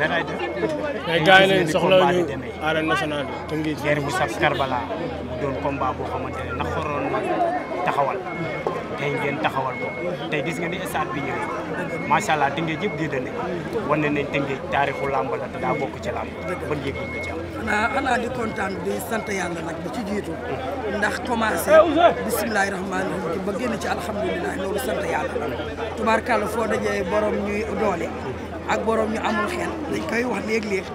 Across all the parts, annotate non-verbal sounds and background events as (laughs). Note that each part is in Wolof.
dangay def. mais gars yi lañ soxla ñu arène nationale bi tëngeej. guerre bu saf Karbala mu doon combat boo xamante ne naxaroon na taxawal tey ngeen taxawal ko tey gis nga ni stade bi ñëwee macha allah tëngeej yëpp gëdd nañ wane nañ tëngeej taarixu làmb la daa bokk ci làmb ban yëg nga ci am. xanaa xanaa sant yàlla nag di ci jiitu. Hmm. ndax commencé eh, bisimilahi ci alhamdulilah loolu ñuy doole. Hmm. ak borom ñu amul xel dañ koy wax léeg-léeg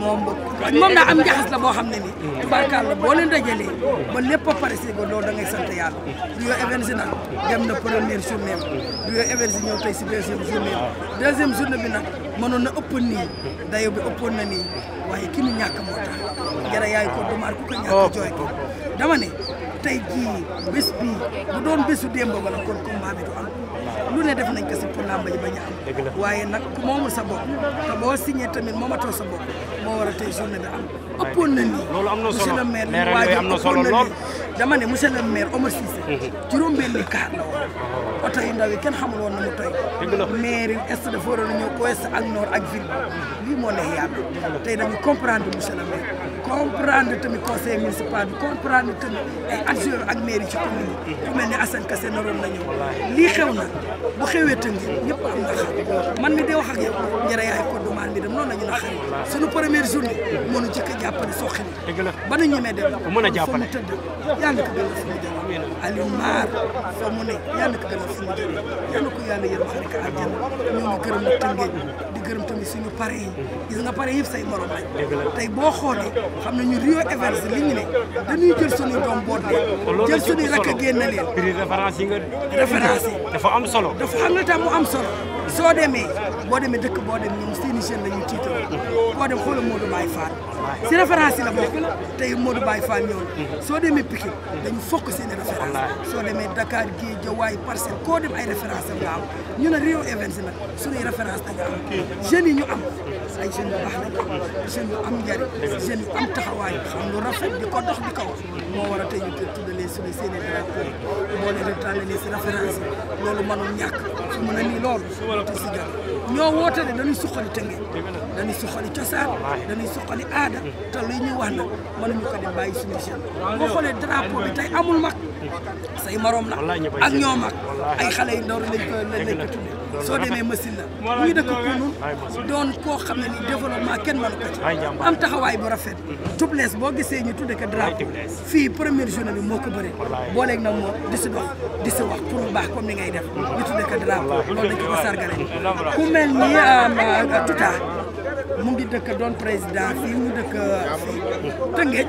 moom moom na am njaxas la boo xam ne nii tubaarkàlla boo leen dajalee ba lépp a pare si ba loolu da ngay sant yàlla Rio Events nag dem na première journée Rio Events ñëw tey si deuxième journée deuxième journée bi nag mënoon na ëpp nii dayo bi ëppoon na nii waaye ki mu ñàkk moo tax jara ko dumaar ku ko ñàkk jooy ko dama ne tey jii bés bii bu doon bésu démb wala kon combat bi du lu ne def nañ ko si pour a ji ba a am waaye nag ku moomul sa bopp te boo signé tamit moomatoo sa bopp moo war a tey journée bi am ëppoon na nii monsieur le maire li na nii dama ne monsieur le maire Omar Cissé mhm. juróom-benni kaar la woon oto yu ndaw kenn xamul woon na mu toy maire yi est dafa waroon a ñëw ouest ak nord ak ville lii moo neex yàlla tey dañu comprendre monsieur le maire comprendre tamit conseil municipal bi comprendre tamit ay adjoint ak maire yi ci commune yi mhm. ku mel ne Assane Kassé naroon na ñëw lii xew na bu xewee tënk ñëpp am nga xar man mi di wax ak yow njëre yaay ko dumaan bi dem noonu la ñu na xarit suñu première journée moo nu jëkk a jàppale ba nu ñemee dem mën a jàppale fa mu tëdd yàlla ko gën a fi mu jël Aliou Mar fa mu ne yàlla ko gën a fi mu jël yàlla ko yàlla yërëm gërëm tamit suñu pare yi gis nga pare yëpp say morom tey boo xoolee xam ne ñu Rio Events li ñu ne dañuy jël suñu doom boot leen jël rakk génn leen référence yi nga référence yi dafa am solo dafa xam ne mu am solo soo demee boo demee dëkk boo dem ñoom seeni jeune la ñu tiital boo dem xoolal Modou Baye Fall si référence yi la bokk tey Modou Baye Fall ñëw soo demee Pikine dañu fokk seeni référence soo demee Dakar gii Jawaay koo dem ay référence am ñu am jeunes ñu am ay jeunes baax la jeunes am njariñ jeunes yu am taxawaay xam lu rafet di ko dox di ko wax moo war a tey ñu tudd tàllalee suñu seen i drapeau boo leen tàllalee si référence yi loolu mënul ñàkk su mën a nii loolu te si jot ñoo woote ne dañuy suqali tënge dañuy suqali cosaan dañuy suqali aada te luy ñu wax nag mënuñu ko di bàyyi suñu jeune boo xoolee drapeau bi tey amul mag say maroom la ak ñoo mag ay xale yu ndaw lañ ko lañ ko tuddee soo demee machine la mu ngi dëkk Kounoune doon koo xam ne ni développement kenn mënu ko ci am taxawaay bu rafet Tubless boo gisee ñu tudde ko drapeau fii première journée moo ko bëri booleeg nag moom di si dox di si comme ni ngay def ñu tudde ko drapeau loolu dañ ko sargale ku mel ni euh, euh, Tuta mu ngi dëkk doon président fii mu dëkk fii Tëngéej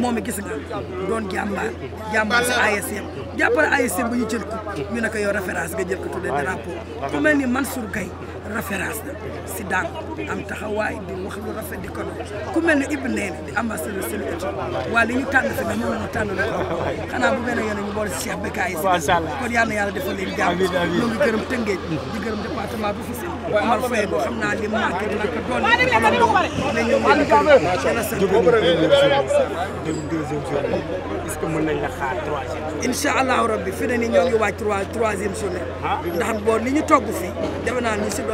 moom it gis nga doon jàmbaar jàmbaar si ASC jàppale ASC ba ñu jël ko ñu ne ko yow référence nga jël ko tuddee drapeau ku mel ni Mansour Gueye référence la si daan am taxawaay di wax lu rafet di ko ku mel ne Ibou Ndeye di ambassadeur seen étude waa li ñu ñu tànn na ko a si na yàlla ngi gërëm Tëngéej. di gërëm département bi si. Omar Faye boo xam naa li mu manqué dina ko doon li ñu ngi gërëm. macha allah sëñ bi dugg nañu deuxième journée est la xaar troisième journée. incha allahu li ñu togg fi defe naa ñu si doon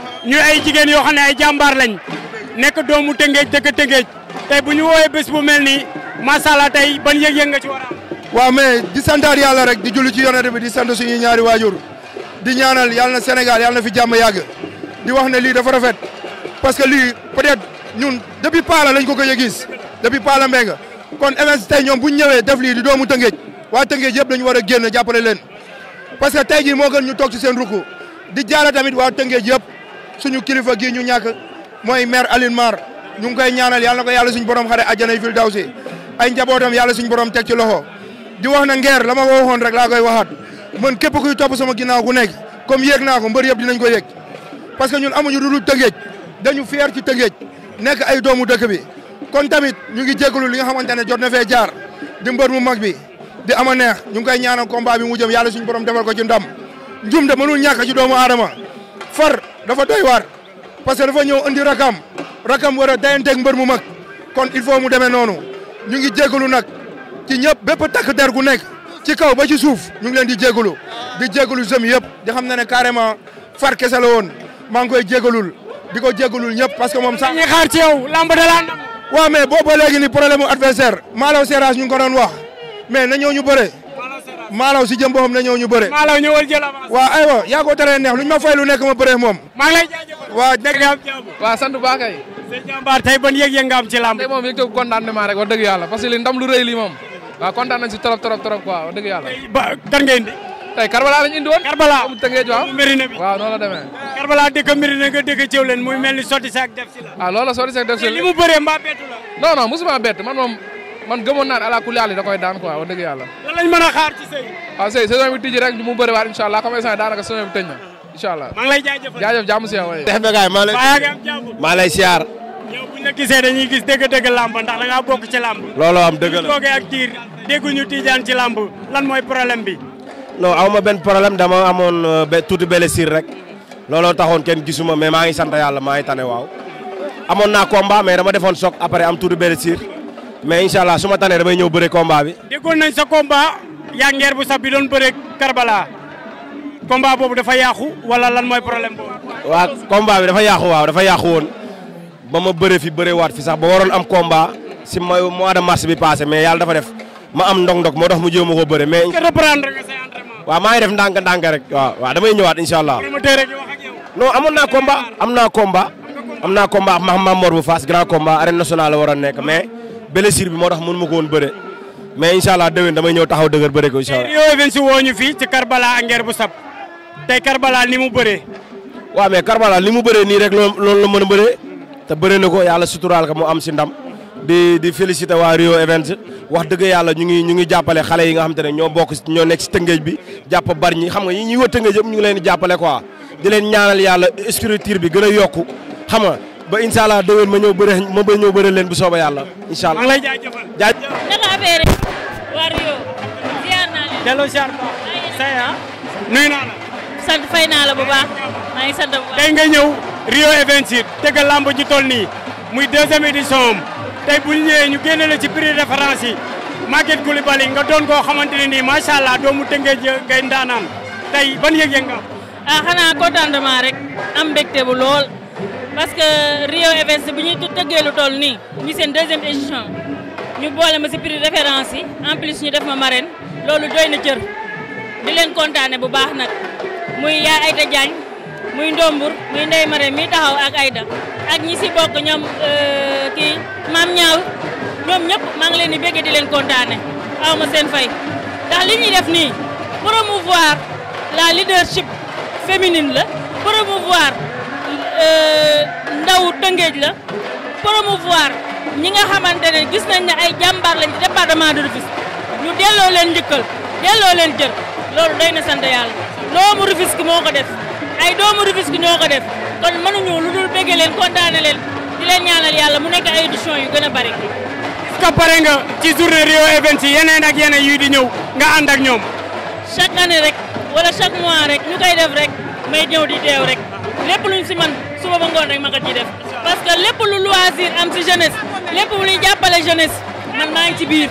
ñu ay jigéen yoo xam ne ay jàmbaar lañ nekk doomu Tëngéej dëkk Tëngéej tey bu ñu woowee bés bu mel nii macha allah tey ban yëg-yëg nga ci war a waaw mais di santaat yàlla rek di julli ci yonent bi di sant suñuy ñaari waajur di ñaanal yàlla na Sénégal yàlla na fi jàmm yàgg di wax ne lii dafa rafet parce que lii peut-être ñun depuis Paala lañ ko gëj a gis depuis Paala Mbengue kon events tey ñoom bu ñu ñëwee def lii di doomu Tëngéej waa Tëngéej yëpp dañu war a génn jàppale leen parce que tey jii moo gën ñu toog ci seen ruku di jaala tamit waa Tëngéej yëpp suñu kilifa gii ñu ñàkk mooy maire Alioune Mar ñu ngi koy ñaanal yàlla na ko yàlla suñu borom xare àjjanay fil dawsi ay njabootam yàlla suñu borom teg ci loxo di wax na ngeer la ma waxoon rek laa koy waxaat man képp kuy topp sama ginnaaw ku nekk comme yéeg naa ko mbër yëpp dinañ ko yéeg parce que ñun amuñu lu dul tëngeej dañu fier ci tëngeej nekk ay doomu dëkk bi kon tamit ñu ngi jégalu li nga xamante ne jot na fee jaar di mbër mu mag bi di ama neex ñu ngi koy ñaanal combat bi mu jëm yàlla suñu borom defal ko ci ndam njum de ñàkk ci doomu aadama far dafa doy waar parce que dafa ñëw indi rakam rakam war a dayanteeg mbër mu mag kon il faut mu demee noonu ñu ngi jégalu nag ci ñëpp bépp takk der gu nekk ci kaw ba ci suuf ñu ngi leen di jégalu di jégalu jëm yëpp di xam ne ne carrément far kese la woon maa ngi koy jégalul di ko jégalul ñëpp parce que moom sa dañuy xaar ci yow lamb da la waaw mais boobu ba léegi ni problème mu adversaire Malaw Seras ñu ngi ko doon wax mais na ñëw ñu bëre. maalaw si jëm boppam na ñëw ñu bëre. maalaw ñëwal jël avance. waaw aywa yaa ko teree neex luñ ma fay lu nekk ma bëree moom. maa ngi lay jaajëfal. waaw nekk nga am ban yëg-yëg nga am ci làmb. tey moom yëg tëb contentement rek wax dëgg yàlla parce que lu rëy lii moom. waaw kontaan nañ si trop trop trop quoi wax dëgg yàlla. ba kan nga indi. tey Karbala lañ indi woon. mu mel ni sotti saak def si la. ah loolu la sotti saak def si mu bëree mbaa bett man moom kon gëmoon naan ala kulli àll da koy daan quoi wax dëgg yàlla. lan lañ a xaar ci sëy. waaw ah, sëy saison bi tijji rek mu bëri waat incha allah comme instant daanaka saison bi tëj na incha allah. maa ngi lay jaajëfal jaajëf jàmm si yow. def begaay maa lay. maa lay siyaar. yow buñ la gisee dañuy gis dëgg da bokk ci làmb. looloo am dëgg la buñ toogee ak tiir dégguñu tijaan ma benn problème dama amoon euh, ba tuuti rek looloo taxoon kenn gisuma mais maa ngi sant yàlla maa ngi tane waaw amoon naa combat mais dama defoon soog après am tuuti blessure mais incha allah su ma tanee damay ñëw bëre combat bi. déggoon nañ sa combat yaa ngeer bu sax bi doon bëre Karbala combat boobu dafa yàqu wala lan mooy problème boobu. waaw dafa yàqu waaw dafa yàqu woon ba ma bëre fi bëre waat fi sax ba waroon am combat si mois de mars bi passé mais yàlla dafa def ma am ndog-ndog moo tax mu jéem a ko bëre mais. reprendre nga say entraînement. waaw maa ngi def ndànk-ndànk rek. waaw waaw damay ñëwaat incha allah. non amoon naa combat am naa combat. am naa combat ak Mame Mor bu Fass grand combat arène nationale la war a nekk mais. blessure bi moo tax mënu ma ko woon bëre mais incha allah déwén damay ñëw taxaw dëgër bëre ko incha allah. yooyu dañ si woo ñu fii ci Karbala bu Sab tey Karbala ni mu bëree. waaw mais Karbala li mu bëree nii rek loolu la mën a bëree te bëree na ko yàlla suturaal ko mu am si ndam di di féliciter waa Rio Events wax dëgg yàlla ñu ngi ñu ngi jàppale xale yi nga xam te ne ñoo bokk ñoo nekk si tëngéej bi jàpp bar ñi xam nga yi ñuy wër tëngéej yëpp ñu ngi leen di jàppale quoi di leen ñaanal yàlla structure bi gën a yokku xam nga ba incha allah déwén ma ñëw bëre ma ba ñëw bëre leen bu sooba yàlla incha allah. maa ngi lay jaajëfal jaajëf. naa leen. delloo ziar ah? sant fay naa la bu baax. tey nga ñëw Rio Events it tëgg làmb ji nii muy deuxième édition am tey bu ñu ñëwee ñu génne la ci prix référence yi Maguette Coulibaly nga doon koo xamante ne nii macha allah doomu tënkee ngay ndaanaan tey ban yëg-yëg nga. ah xanaa contentement rek am mbégte bu lool. parce que Rio Events bi ñuy tëggee lu toll nii ñu seen deuxième édition ñu boole ma si prix référence yi en plus ñu def ma marraine loolu doy na cër di leen kontaane bu baax nag muy yaay Aïda Diagne muy Ndombur muy Ndeye Marème mi taxaw ak Aïda ak ñi si bokk ñoom euh, kii maam ñaaw ñoom ñëpp maa ngi leen di bëgg di leen kontaane aw ma seen fay ndax li ñuy def nii promouvoir la leadership féminine la promouvoir Euh, ndaw Tëngéej la promouvoir ñi nga xamante ne gis nañ ne ay jàmbaar lañ ci département de Rufisque ñu delloo leen njëkkal delloo leen jër loolu day na sant yàlla doomu Rufisque moo ko def ay doomu Rufisque ñoo ko def kon mënuñu lu dul bëgg leen kontaane leen di leen ñaanal yàlla mu nekk ay édition yu gën a bari. est-ce que pare nga ci journée Rio Events yi yeneen ak yeneen yuy di ñëw nga ànd ak ñoom. chaque année rek wala chaque mois rek ñu koy def rek may ñëw suba ba ngoon rek ma ko ciy def parce que lépp lu loisir am si jeunesse lépp lu jàppale jeunesse man maa ngi ci biir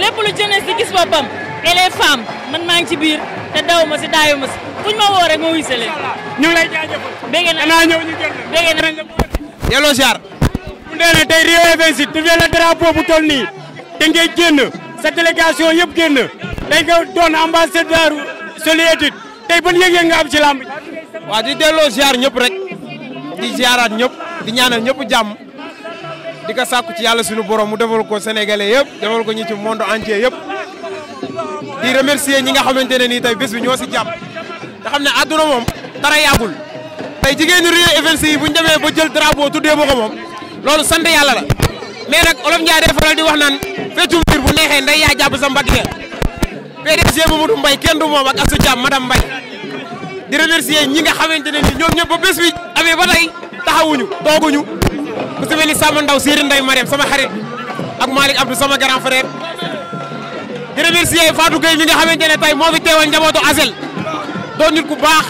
lépp lu jeunesse di gis boppam et les femmes man maa ci biir te daw ma si daayu si fuñ ma woo rek ma wuyse ñu ngi lay jaajëfal. bëgg naa danaa ñëw ñu tey Rio Events it tuddee la drapeau bu toll nii da ngay génn sa délégation yëpp génn dañ ko doon ambassadeur soleil tey ban yëg-yëg nga am ci làmb. waa di delloo ziar ñëpp rek. di ziaraat ñëpp di ñaanal ñëpp jàmm di ko sàkku ci yàlla suñu borom mu defal ko sénégalais yëpp defal ko ñi ci monde entier yëpp di remercier ñi nga xamante ne nii tey bés bi ñoo si jàpp te xam ne àdduna moom dara yàggul tey jigéenu Rio Events yi bu ñu demee ba jël drapeau tuddee ba ko moom loolu sant yàlla la mais nag olof Ndiaye day faral di wax naan feccum biir bu neexee nday yaa jàpp sa mbagg ya PDG Mamadou Mbaye kenn du moom ak Assou Thiam madame Mbaye di remercier ba bés amee ba tey taxawuñu tooguñu ku si mel ni Samba Ndaw Sëriñ nday Mariam sama xarit ak Malick Abdou sama grand frère di remercier Fatou Gueye mi nga xamante ne tey moo fi teewal njabootu Asel doon nit ku baax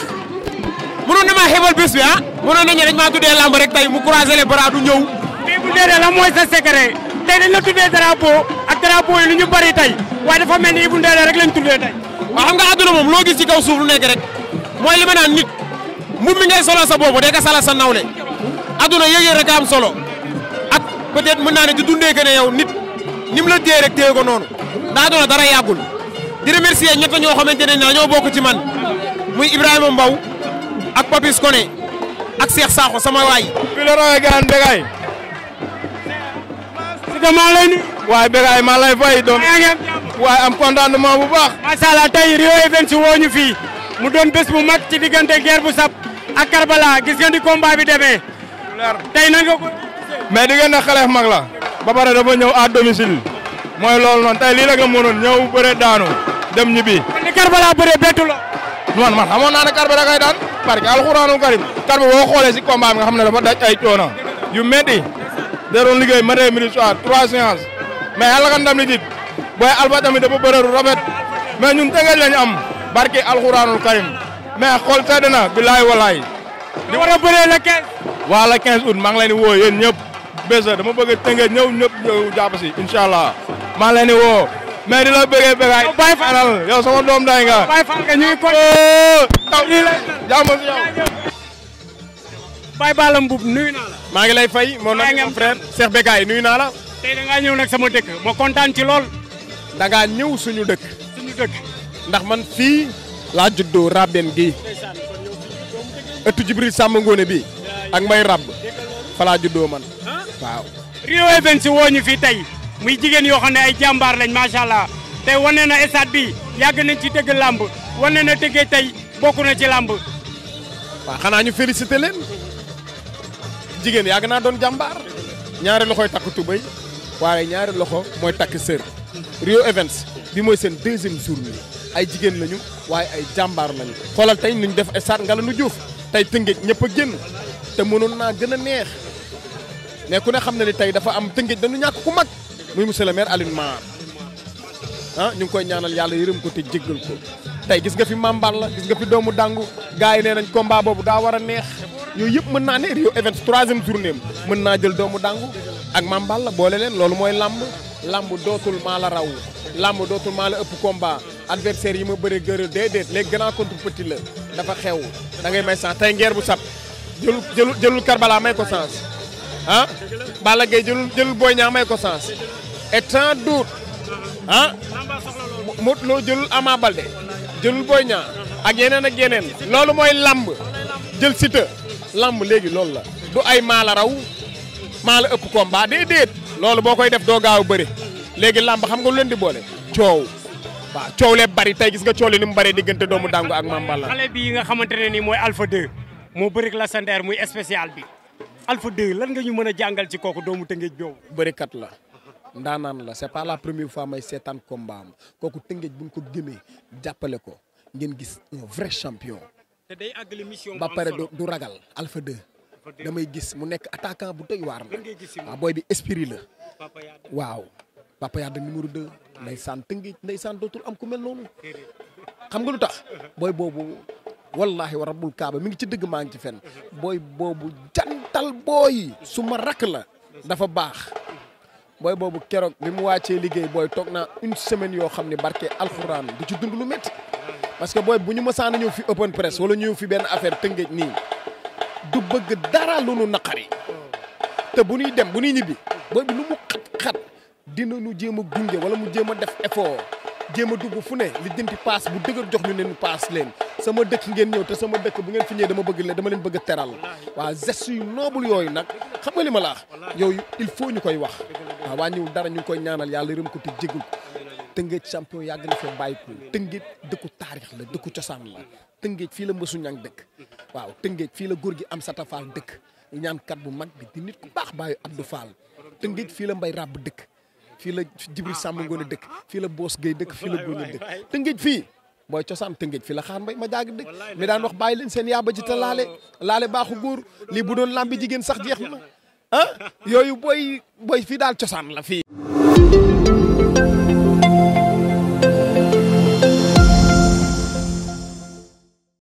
mënoon na maa xébal bés bi ah mënoon nañu ma maa tuddee lamb rek tey mu croiser les bras du ñëw. mais bu dee la mooy sa secret tey dañ la tuddee drapeau ak drapeau yi lu bari tey waaye dafa mel ni Ibou Ndeye rek lañ tuddee tey. waaw xam nga àdduna moom loo gis mbubb mi ngay solo sa boobu day ka sa nawle aduna yëg-yëg rek am solo ak peut-être mën naa ne di dundee que ne yow nit ni la téye rek ko noonu daa doon dara yàggul di remercier ñett ñoo xamante ne ñoo bokk ci man muy Ibrahima Mbaw ak Papis Koné ak Cheikh Sakho sama waay. piloro gaan Begay. si que maa lay nuyu. Begay maa fay doom. waaye am contentement bu baax. macha allah tey Rio Events woo ñu fii mu doon bés mu mag ci diggante guerre bu sab ak Karbala gis ngeen di combat bi demee. tey nan nga ko. mais di ngeen ne xale mag la. ba da dafa ñëw à domicile. mooy loolu noonu tey lii rek la mënoon ñëw bëre daanu dem ñibbi. kon ni Karbala bëree bettu la. man man xamoon naa ne Karbala kay daan parce que alxuraanul karim Karba boo xoolee si combat bi nga xam ne dafa daj ay coono yu métti. da doon liggéey matin midi soir trois séances mais yàlla kan ndam li jib booy alba tamit dafa bëre lu rafet mais ñun tëngeej lañu am barke alxuraanul mais xool sedd na bilaay walaay. li war a bëree le waa le 15 août maa ngi leen di woo yéen ñëpp bés dama bëgg a tënkee ñëw ñëpp ñëw jàpp si incha allah maa ngi leen woo mais di la bëree bëggaay. yow Baye Fall yow sama doom day nga. Baye Fall nga si yow. Baye Balla Mboup nuyu naa la. maa ngi lay fay mon ami frère Cheikh Becaye nuyu naa la. tey da ñëw nag sama dëkk ma kontaan ci lool. da ngaa ñëw suñu suñu dëkk ndax man fii. laa juddoo rabben gi ëttu Jibril Samba bi ak may rab fa laa man waaw. Rio Events woo ñu fii tey muy jigéen yoo xam ne ay jàmbaar lañ macha allah tey wane na bi yàgg nañ ci tëgg làmb wane na tëggee tey bokk na ci làmb. waaw xanaa ñu félicité leen jigéen yàgg naa doon jàmbaar ñaari loxoy takk tubéy waaye ñaari loxo mooy takk sër Rio Events bi mooy seen deuxième journée. ay jigéen lañu waaye ay jàmbaar lañu xoolal tey nuñ def stade Ngalandou Diouf tey tëngéej ñëpp a génn te mënoon naa gën a neex mais ku ne xam ne ni tey dafa am tëngéej dañu ñàkk ku mag muy monsieur le maire Alioune Mar ah, ñu ngi koy ñaanal yàlla yërëm ko te jéggal ko tey gis nga fi mambar la gis nga fi doomu dàngu gars yi nee nañ combat boobu daa war a neex yooyu yëpp mën naa ne Rio Event troisième journée mën naa jël doomu dàngu ak mambal la boole leen loolu mooy làmb làmb dootul maa la raw làmb dootul maa ëpp combat adversaire yi ma bëre gërë déedéet les grands contre petit la dafa xew da ngay may sens tey ngeer bu sap jëlul jëlul jëlul Karbala may ko sens ah Balla Gaye jëlul jëlul Boy Niang may ko sens et tant d'autres ah Modou Lo jëlul Ama Baldé jëlul Boy Niang ak yeneen ak yeneen loolu mooy lamb jël Siteu lamb léegi loolu la du ay maala raw maala ëpp combat déedéet loolu boo koy def doo gaaw bëri léegi lamb xam nga leen di boole coow waaw coow lee bari tey gis nga coow li ni mu bëree diggante doomu dangu ak Mame Balla xale bii nga xamante ne nii mooy Alpha moo bëri la sandeer muy spécial bi Alpha lan nga ñu mën a jàngal ci kooku doomu tëngéej boobu bërikat la ndaanaan la c'est pas la première fois may seetaan combat am kooku bu buñ ko gëmee jàppale ko ngeen gis un vrai champion te day àggali mission ba pare du ragal Alpha damay gis mu nekk attaquant bu doy waar la waaw ah, booy bi esprit la waaw Papa Yade numéro 2. ndeysaan tëngeej ndeysaan dootul am ku mel noonu. xam nga lu tax booy boobu wallahi wa rabbul kaaba mi ngi ci dëgg maa ngi ci fen booy boobu jantal booy su ma rakk la dafa baax booy boobu keroog bi mu wàccee liggéey booy toog naa une semaine yoo xam ne barke alxuraan di ci dund lu métti parce que booy bu ñu mësaan a ñëw fi open press wala ñëw fi benn affaire tëngéej nii du bëgg dara lu nu naqari te bu ñuy dem bu ñuy ñibbi dinañu jéem a gunge wala mu jéem a def effort jéem a dugg fu ne li jënti paas bu dëgër jox ñu ne ñu paas leen sama dëkk ngeen ñëw te sama dëkk bu ngeen fi ñëwee dama bëgg leen dama leen bëgg teral waaw gestes yu noble yooyu nag xam nga li ma laax yooyu il faut ñu koy wax waaw wàññiwul dara ñu ngi koy ñaanal yàlla rëm ko te jégul tëngéej champion yàgg na fa bàyyi ko tëngéej dëkku taarix la dëkku cosaan la tëngéej fii la mësu ñang dëkk waaw tëngéej fii la góor gi am satafaal dëkk ñaankat bu mag bi di nit ku baax bàyyi Abdou Fall tëngéej fii la mbay ràbb dëkk fii la Jibril ah, Samb Ngoné dëkk ah. fii la Boos Gueye dëkk fii la Ngoné dëkk Tëngéej fii booy cosaan Tëngéej fi la xaar mbay ma jaag dëkk mi daan wax bàyyi leen seen yaaba ji te laale oh. laale baaxu góor lii bu doon làmbi jigéen sax jeex na (laughs) ah yooyu booy booy fii daal cosaan la fii